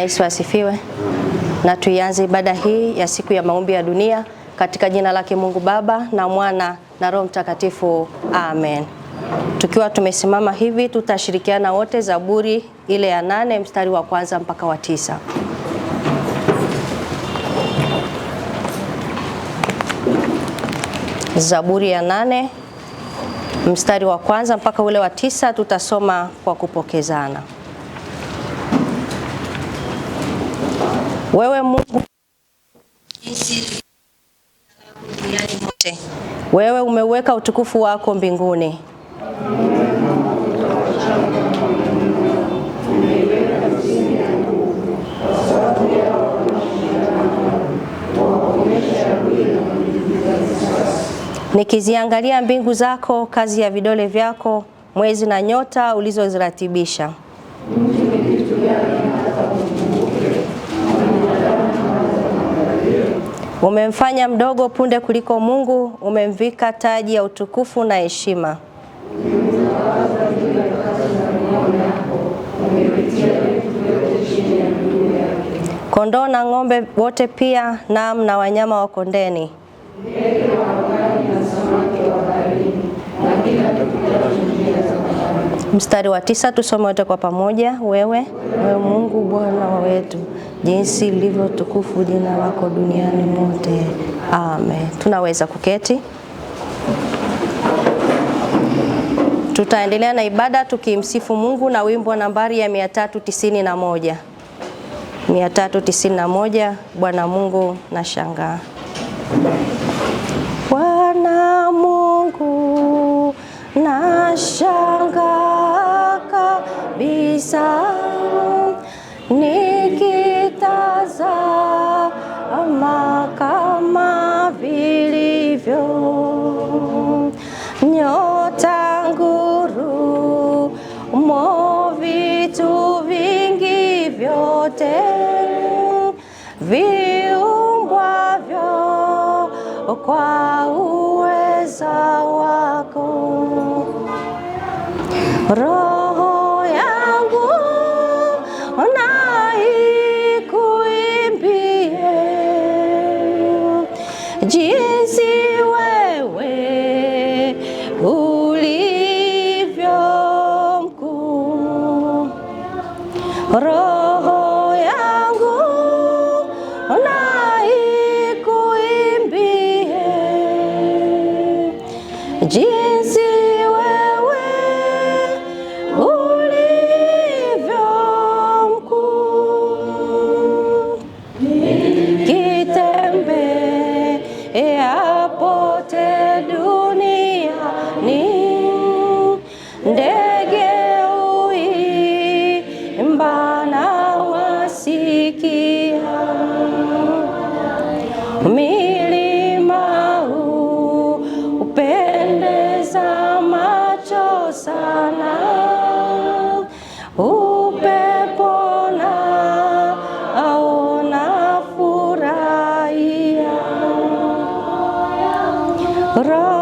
Bwana Yesu asifiwe. Na tuianze ibada hii ya siku ya maombi ya dunia katika jina lake Mungu Baba na Mwana na Roho Mtakatifu, amen. Tukiwa tumesimama hivi, tutashirikiana wote Zaburi ile ya nane mstari wa kwanza mpaka wa tisa. Zaburi ya nane mstari wa kwanza mpaka ule wa tisa tutasoma kwa kupokezana. Wewe Mungu wewe umeweka utukufu wako mbinguni. Nikiziangalia mbingu zako, kazi ya vidole vyako, mwezi na nyota ulizoziratibisha Umemfanya mdogo punde kuliko Mungu, umemvika taji ya utukufu na heshima. Kondoo na ng'ombe wote pia, naam na wanyama wa kondeni Mstari wa tisa tusome wote kwa pamoja. Wewe wewe Mungu Bwana wetu jinsi lilivyo tukufu jina lako duniani mote. Amen. Tunaweza kuketi. Tutaendelea na ibada tukimsifu Mungu na wimbo nambari ya 391. 391, Bwana Mungu na shangaa. Bwana Mungu na shangaa kabisa ni kwa uweza wako roho yangu naikuimbie jinsi wewe ulivyo mkuu roho yangu na Rock.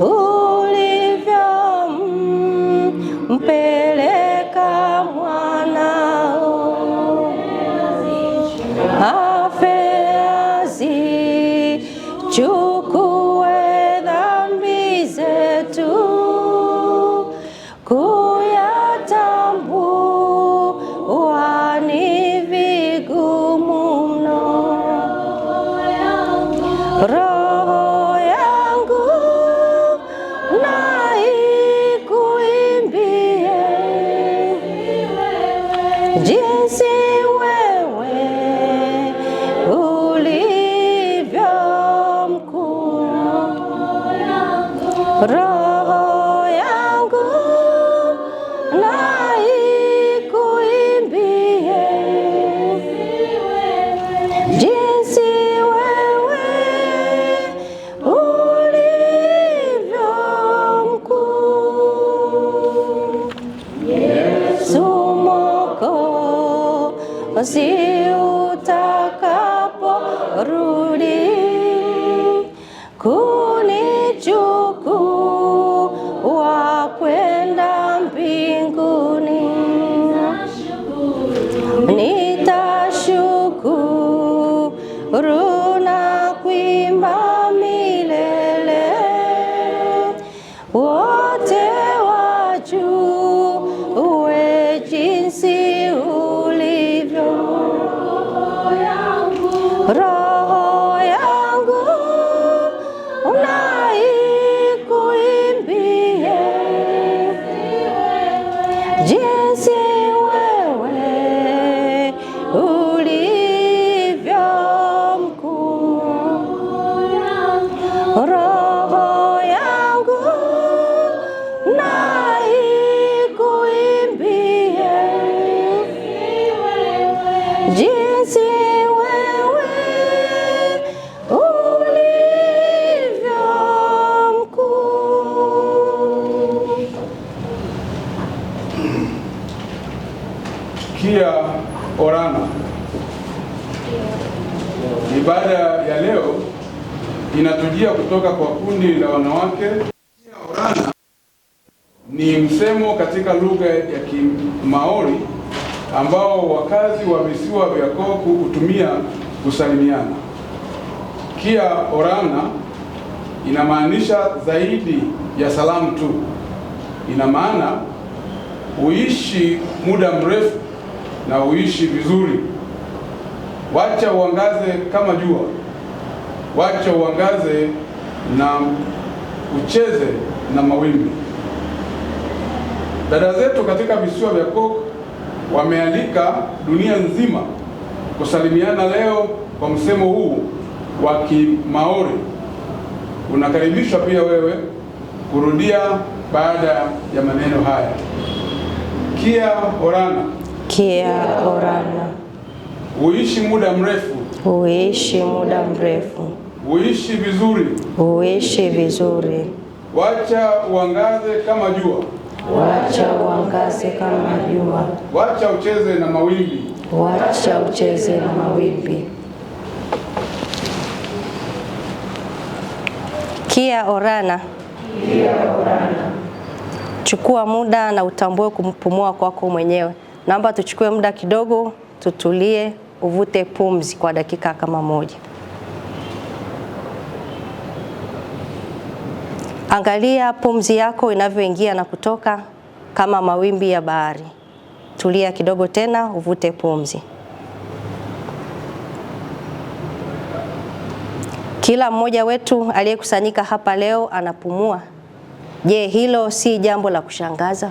Oh. love. Ра! orana. Ibada ya leo inatujia kutoka kwa kundi la wanawake. Orana ni msemo katika lugha ya Kimaori ambao wakazi wa visiwa vya Koku hutumia kusalimiana. Kia orana inamaanisha zaidi ya salamu tu, ina maana uishi muda mrefu na uishi vizuri. Wacha uangaze kama jua, wacha uangaze na ucheze na mawimbi. Dada zetu katika visiwa vya Cook wamealika dunia nzima kusalimiana leo kwa msemo huu wa Kimaori. Unakaribishwa pia wewe kurudia baada ya maneno haya. Kia orana. Kia orana. Uishi muda mrefu. Uishi muda mrefu. Uishi vizuri. Uishi vizuri. Wacha uangaze kama jua. Wacha uangaze kama jua. Wacha ucheze na mawimbi. Wacha ucheze na mawimbi. Kia orana. Kia orana. Chukua muda na utambue kumpumua kwako mwenyewe naomba tuchukue muda kidogo, tutulie, uvute pumzi kwa dakika kama moja. Angalia pumzi yako inavyoingia na kutoka kama mawimbi ya bahari. Tulia kidogo tena, uvute pumzi. Kila mmoja wetu aliyekusanyika hapa leo anapumua. Je, hilo si jambo la kushangaza?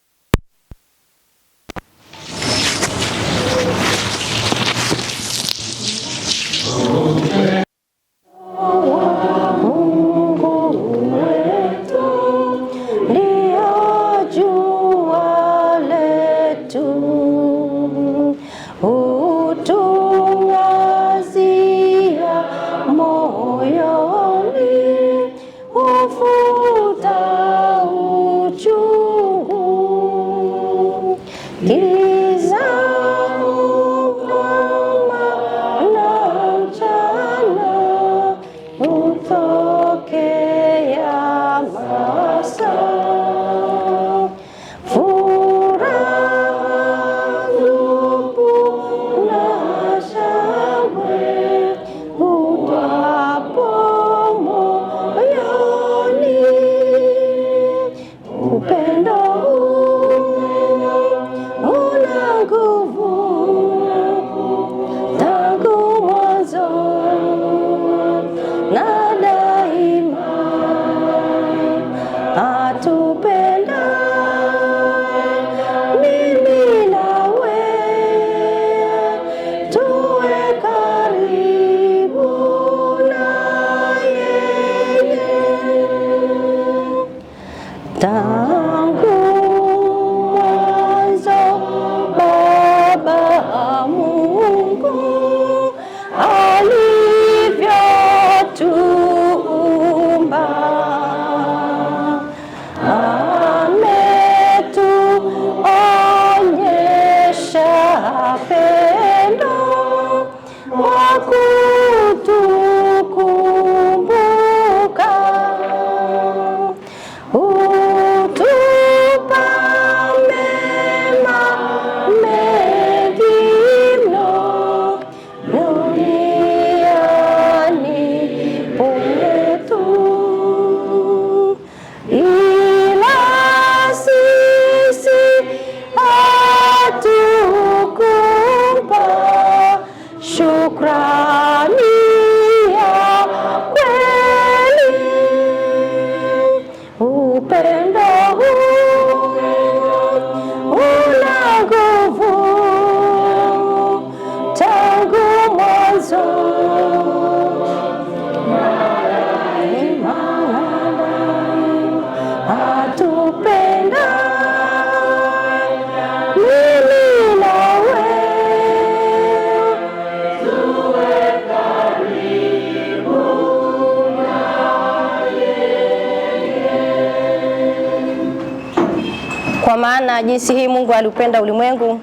jinsi hii Mungu aliupenda ulimwengu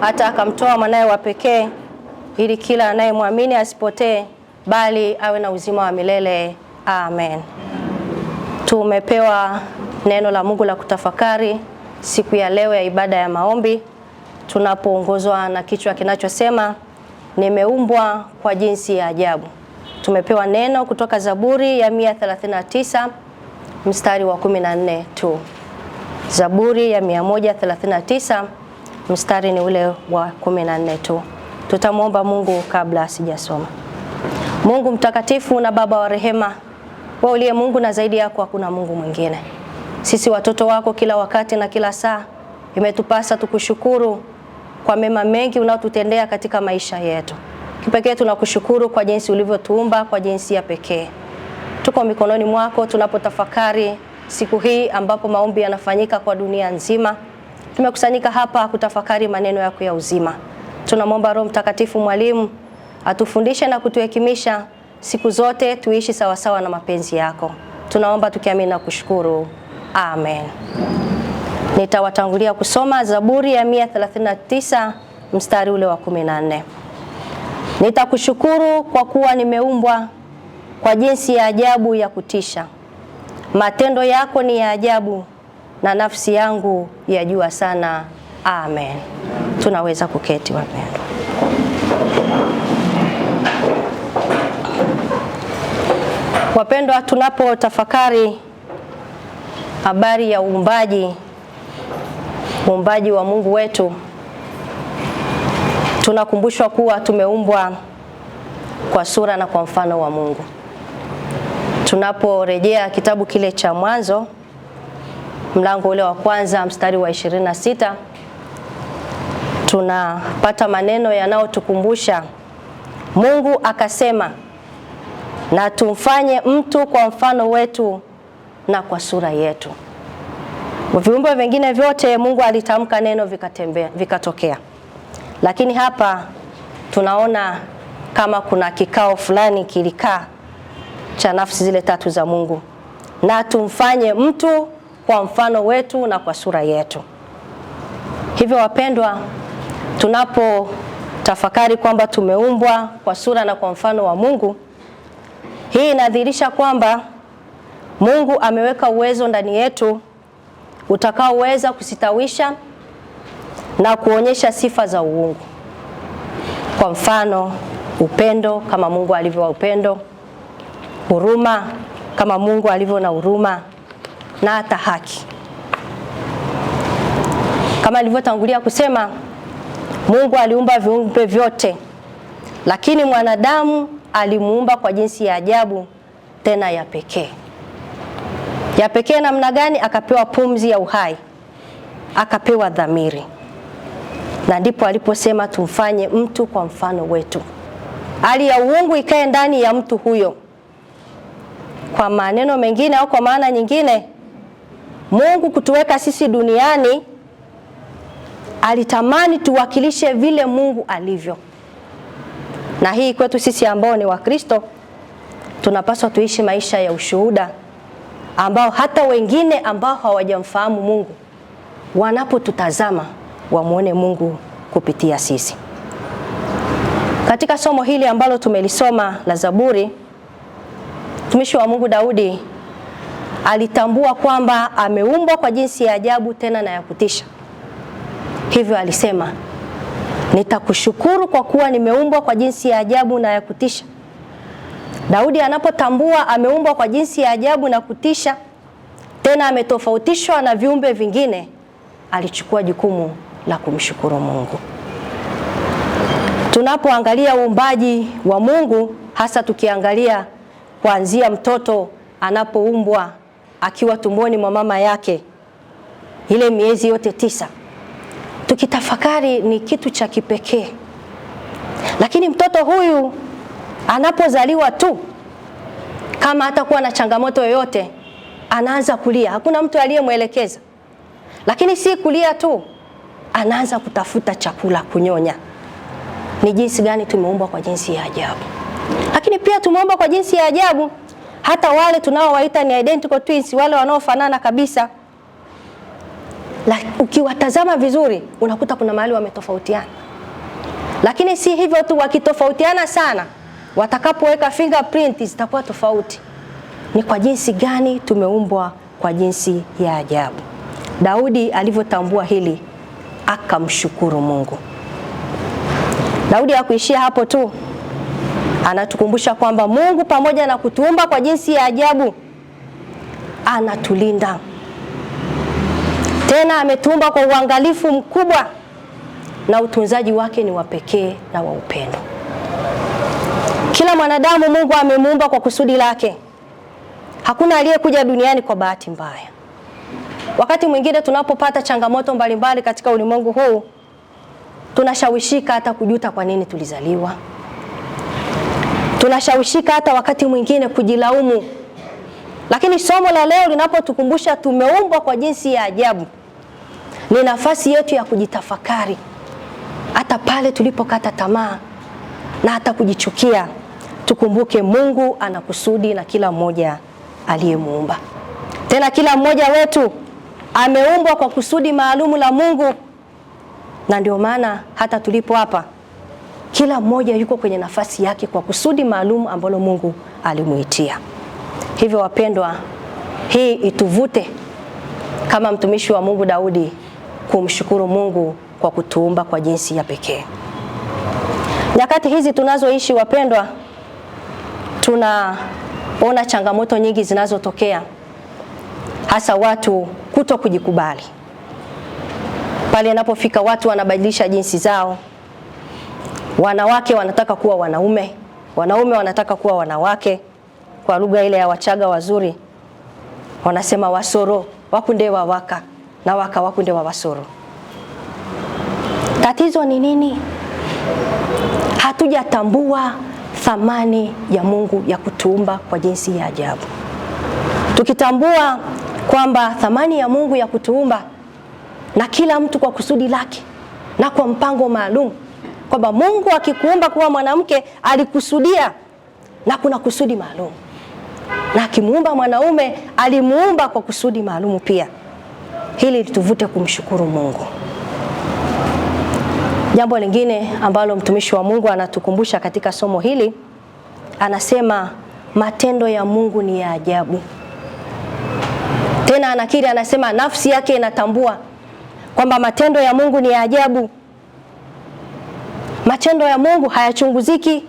hata akamtoa mwanaye wa pekee ili kila anayemwamini asipotee bali awe na uzima wa milele. Amen. Tumepewa neno la Mungu la kutafakari siku ya leo ya ibada ya maombi tunapoongozwa na kichwa kinachosema nimeumbwa kwa jinsi ya ajabu. Tumepewa neno kutoka Zaburi ya 139 mstari wa 14 tu. Zaburi ya 139 mstari ni ule wa 14 tu. Tutamwomba Mungu kabla asijasoma. Mungu mtakatifu na Baba wa rehema, wewe uliye Mungu na zaidi yako hakuna Mungu mwingine. Sisi watoto wako kila wakati na kila saa imetupasa tukushukuru kwa mema mengi unaotutendea katika maisha yetu. Kipekee tunakushukuru kwa jinsi ulivyotuumba kwa jinsi ya pekee. Tuko mikononi mwako tunapotafakari siku hii ambapo maombi yanafanyika kwa dunia nzima. Tumekusanyika hapa kutafakari maneno yako ya uzima. Tunamwomba Roho Mtakatifu mwalimu atufundishe na kutuhekimisha siku zote tuishi sawasawa na mapenzi yako. Tunaomba tukiamini na kushukuru, amen. Nitawatangulia kusoma Zaburi ya 139 mstari ule wa 14. Nitakushukuru kwa kuwa nimeumbwa kwa jinsi ya ajabu ya kutisha matendo yako ni ya ajabu na nafsi yangu yajua sana. Amen. Tunaweza kuketi wapendwa. Wapendwa, tunapotafakari habari ya uumbaji, uumbaji wa Mungu wetu, tunakumbushwa kuwa tumeumbwa kwa sura na kwa mfano wa Mungu tunaporejea kitabu kile cha Mwanzo mlango ule wa kwanza mstari wa 26 tunapata maneno yanayotukumbusha Mungu akasema, na tumfanye mtu kwa mfano wetu na kwa sura yetu. Viumbe vingine vyote Mungu alitamka neno vikatembea, vikatokea, lakini hapa tunaona kama kuna kikao fulani kilikaa cha nafsi zile tatu za Mungu, na tumfanye mtu kwa mfano wetu na kwa sura yetu. Hivyo wapendwa, tunapo tafakari kwamba tumeumbwa kwa sura na kwa mfano wa Mungu, hii inadhihirisha kwamba Mungu ameweka uwezo ndani yetu utakaoweza kusitawisha na kuonyesha sifa za uungu, kwa mfano upendo, kama Mungu alivyo wa upendo huruma kama Mungu alivyo na huruma na hata haki. Kama alivyotangulia kusema, Mungu aliumba viumbe vyote, lakini mwanadamu alimuumba kwa jinsi ya ajabu tena ya pekee. Ya pekee namna gani? Akapewa pumzi ya uhai, akapewa dhamiri, na ndipo aliposema tumfanye mtu kwa mfano wetu, hali ya uungu ikae ndani ya mtu huyo kwa maneno mengine au kwa maana nyingine, Mungu kutuweka sisi duniani alitamani tuwakilishe vile Mungu alivyo, na hii kwetu sisi ambao ni Wakristo tunapaswa tuishi maisha ya ushuhuda ambao hata wengine ambao hawajamfahamu Mungu wanapotutazama wamwone Mungu kupitia sisi. Katika somo hili ambalo tumelisoma la Zaburi Mtumishi wa Mungu Daudi alitambua kwamba ameumbwa kwa jinsi ya ajabu tena na ya kutisha. Hivyo alisema, nitakushukuru kwa kuwa nimeumbwa kwa jinsi ya ajabu na ya kutisha. Daudi anapotambua ameumbwa kwa jinsi ya ajabu na kutisha, tena ametofautishwa na viumbe vingine, alichukua jukumu la kumshukuru Mungu. Tunapoangalia uumbaji wa Mungu, hasa tukiangalia kuanzia mtoto anapoumbwa akiwa tumboni mwa mama yake ile miezi yote tisa. Tukitafakari ni kitu cha kipekee, lakini mtoto huyu anapozaliwa tu, kama hatakuwa na changamoto yoyote, anaanza kulia. Hakuna mtu aliyemwelekeza, lakini si kulia tu, anaanza kutafuta chakula, kunyonya. Ni jinsi gani tumeumbwa kwa jinsi ya ajabu. Lakini pia tumeomba kwa jinsi ya ajabu hata wale tunaowaita ni identical twins, wale wanaofanana kabisa la, ukiwatazama vizuri unakuta kuna mahali wametofautiana, lakini si hivyo tu, wakitofautiana sana, watakapoweka fingerprint zitakuwa tofauti. Ni kwa jinsi gani tumeumbwa kwa jinsi ya ajabu. Daudi alivyotambua hili akamshukuru Mungu. Daudi hakuishia hapo tu. Anatukumbusha kwamba Mungu pamoja na kutuumba kwa jinsi ya ajabu, anatulinda tena, ametuumba kwa uangalifu mkubwa, na utunzaji wake ni wa pekee na wa upendo. Kila mwanadamu Mungu amemuumba kwa kusudi lake. Hakuna aliyekuja duniani kwa bahati mbaya. Wakati mwingine tunapopata changamoto mbalimbali mbali katika ulimwengu huu, tunashawishika hata kujuta kwa nini tulizaliwa tunashawishika hata wakati mwingine kujilaumu, lakini somo la leo linapotukumbusha tumeumbwa kwa jinsi ya ajabu, ni nafasi yetu ya kujitafakari hata pale tulipokata tamaa na hata kujichukia. Tukumbuke Mungu ana kusudi na kila mmoja aliyemuumba. Tena kila mmoja wetu ameumbwa kwa kusudi maalumu la Mungu, na ndio maana hata tulipo hapa kila mmoja yuko kwenye nafasi yake kwa kusudi maalum ambalo Mungu alimuitia. Hivyo wapendwa, hii ituvute kama mtumishi wa Mungu Daudi kumshukuru Mungu kwa kutuumba kwa jinsi ya pekee. Nyakati hizi tunazoishi wapendwa, tunaona changamoto nyingi zinazotokea, hasa watu kuto kujikubali. Pale inapofika watu wanabadilisha jinsi zao Wanawake wanataka kuwa wanaume, wanaume wanataka kuwa wanawake. Kwa lugha ile ya Wachaga wazuri wanasema wasoro wakunde wawaka na waka wakunde wa wasoro. Tatizo ni nini? Hatujatambua thamani ya Mungu ya kutuumba kwa jinsi ya ajabu. Tukitambua kwamba thamani ya Mungu ya kutuumba na kila mtu kwa kusudi lake na kwa mpango maalum kwamba Mungu akikuumba kuwa mwanamke alikusudia na kuna kusudi maalum, na akimuumba mwanaume alimuumba kwa kusudi maalum pia. Hili lituvute kumshukuru Mungu. Jambo lingine ambalo mtumishi wa Mungu anatukumbusha katika somo hili, anasema matendo ya Mungu ni ya ajabu. Tena anakiri, anasema nafsi yake inatambua kwamba matendo ya Mungu ni ya ajabu. Matendo ya Mungu hayachunguziki,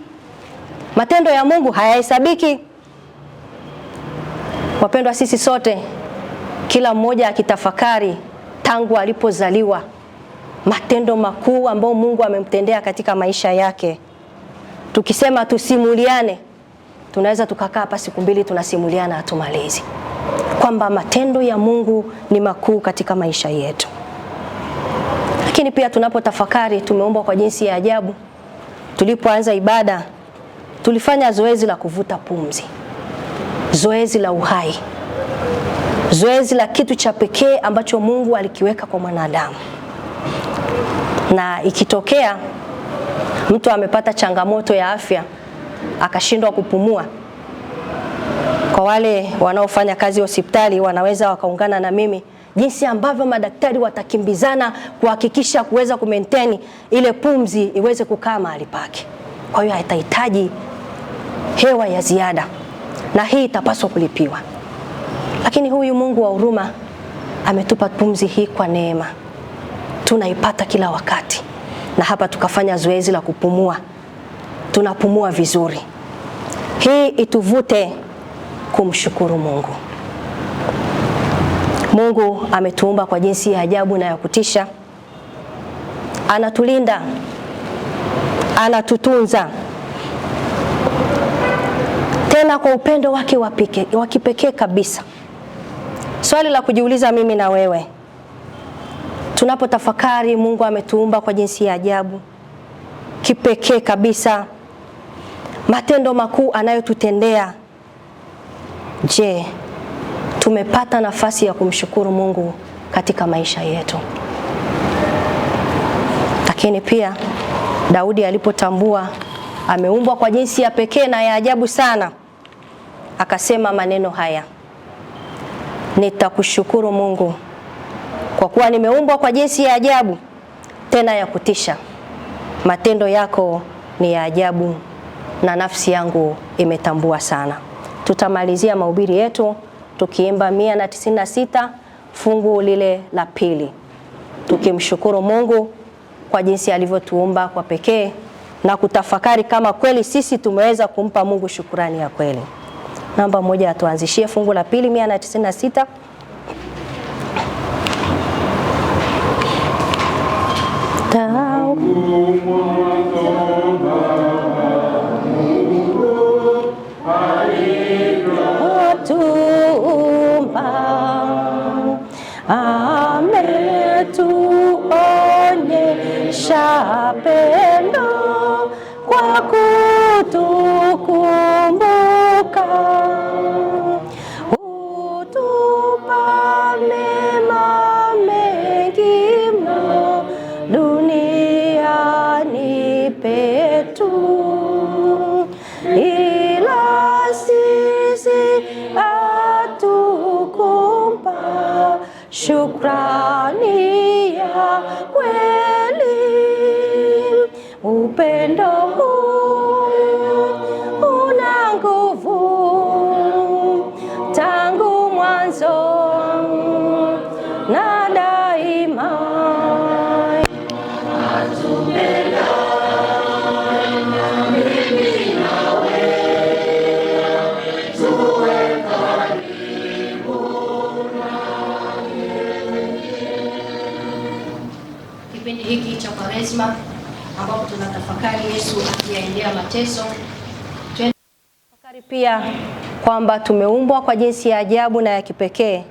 matendo ya Mungu hayahesabiki. Wapendwa, sisi sote, kila mmoja akitafakari tangu alipozaliwa matendo makuu ambayo Mungu amemtendea katika maisha yake. Tukisema tusimuliane, tunaweza tukakaa hapa siku mbili tunasimuliana hatumalizi, kwamba matendo ya Mungu ni makuu katika maisha yetu. Lakini pia tunapotafakari, tumeumbwa kwa jinsi ya ajabu. Tulipoanza ibada, tulifanya zoezi la kuvuta pumzi, zoezi la uhai, zoezi la kitu cha pekee ambacho Mungu alikiweka kwa mwanadamu, na ikitokea mtu amepata changamoto ya afya akashindwa kupumua, kwa wale wanaofanya kazi hospitali wanaweza wakaungana na mimi jinsi ambavyo madaktari watakimbizana kuhakikisha kuweza kumaintain ile pumzi iweze kukaa mahali pake. Kwa hiyo atahitaji hewa ya ziada na hii itapaswa kulipiwa, lakini huyu Mungu wa huruma ametupa pumzi hii kwa neema, tunaipata kila wakati. Na hapa tukafanya zoezi la kupumua, tunapumua vizuri. Hii ituvute kumshukuru Mungu. Mungu ametuumba kwa jinsi ya ajabu na ya kutisha, anatulinda, anatutunza tena kwa upendo wake wa kipekee kabisa. Swali la kujiuliza mimi na wewe, tunapotafakari Mungu ametuumba kwa jinsi ya ajabu kipekee kabisa, matendo makuu anayotutendea, je, tumepata nafasi ya kumshukuru Mungu katika maisha yetu. Lakini pia Daudi alipotambua ameumbwa kwa jinsi ya pekee na ya ajabu sana, akasema maneno haya, nitakushukuru Mungu kwa kuwa nimeumbwa kwa jinsi ya ajabu tena ya kutisha. Matendo yako ni ya ajabu na nafsi yangu imetambua sana. Tutamalizia mahubiri yetu tukiimba 196 na fungu lile la pili, tukimshukuru Mungu kwa jinsi alivyotuumba kwa pekee na kutafakari kama kweli sisi tumeweza kumpa Mungu shukurani ya kweli. Namba moja atuanzishie fungu la pili 196 na tisini শুক্রা tafakari Yesu akiendea mateso. pia kwamba tumeumbwa kwa jinsi ya ajabu na ya kipekee,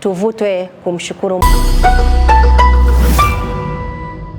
tuvutwe kumshukuru Mungu.